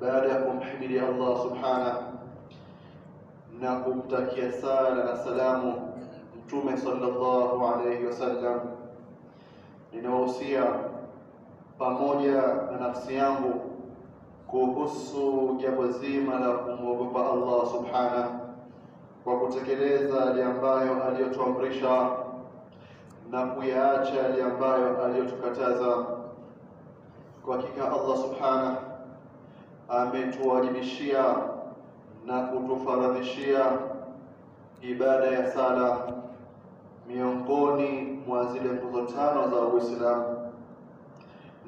baada ya kumhimidia Allah subhanahu na kumtakia sala na salamu Mtume sallallahu alayhi wasallam, ninawahusia pamoja na nafsi yangu kuhusu jambo zima la kumwogopa Allah subhanahu kwa kutekeleza yale ambayo aliyotuamrisha na kuyaacha yale ambayo aliyotukataza. Kwa hakika Allah subhanahu ametuwajibishia na kutufaradhishia ibada ya sala miongoni mwa zile nguzo tano za Uislamu,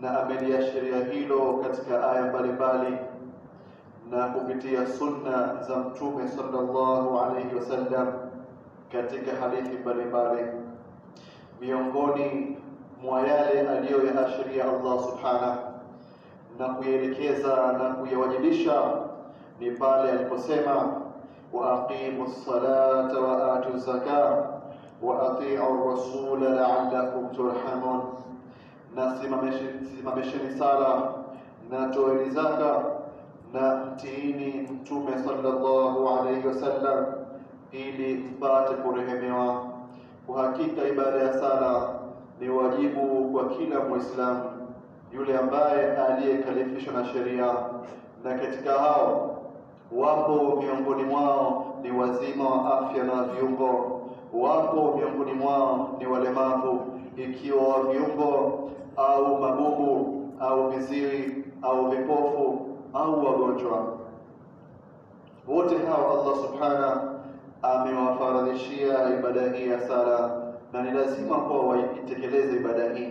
na ameliashiria hilo katika aya mbalimbali na kupitia sunna za Mtume sallallahu alaihi wasallam katika hadithi mbalimbali. Miongoni mwa yale aliyoyaashiria Allah subhanahu na kuyaelekeza na kuyawajibisha ni pale aliposema wa aqimu salata wa atu zaka wa atiu rasula la'allakum turhamun, na simamesheni sala na toeni zaka na mtiini Mtume sallallahu alayhi wasallam ili mpate kurehemewa. Kwa hakika ibada ya sala ni wajibu kwa kila Muislamu yule ambaye aliyekalifishwa na sheria, na katika hao wapo miongoni mwao ni wazima wa afya na viungo, wapo miongoni mwao ni walemavu, ikiwa wa viungo au mabubu au viziri au vipofu au wagonjwa. Wote hao Allah subhana amewafaradhishia ibada hii ya sala, na ni lazima kuwa waitekeleze ibada hii.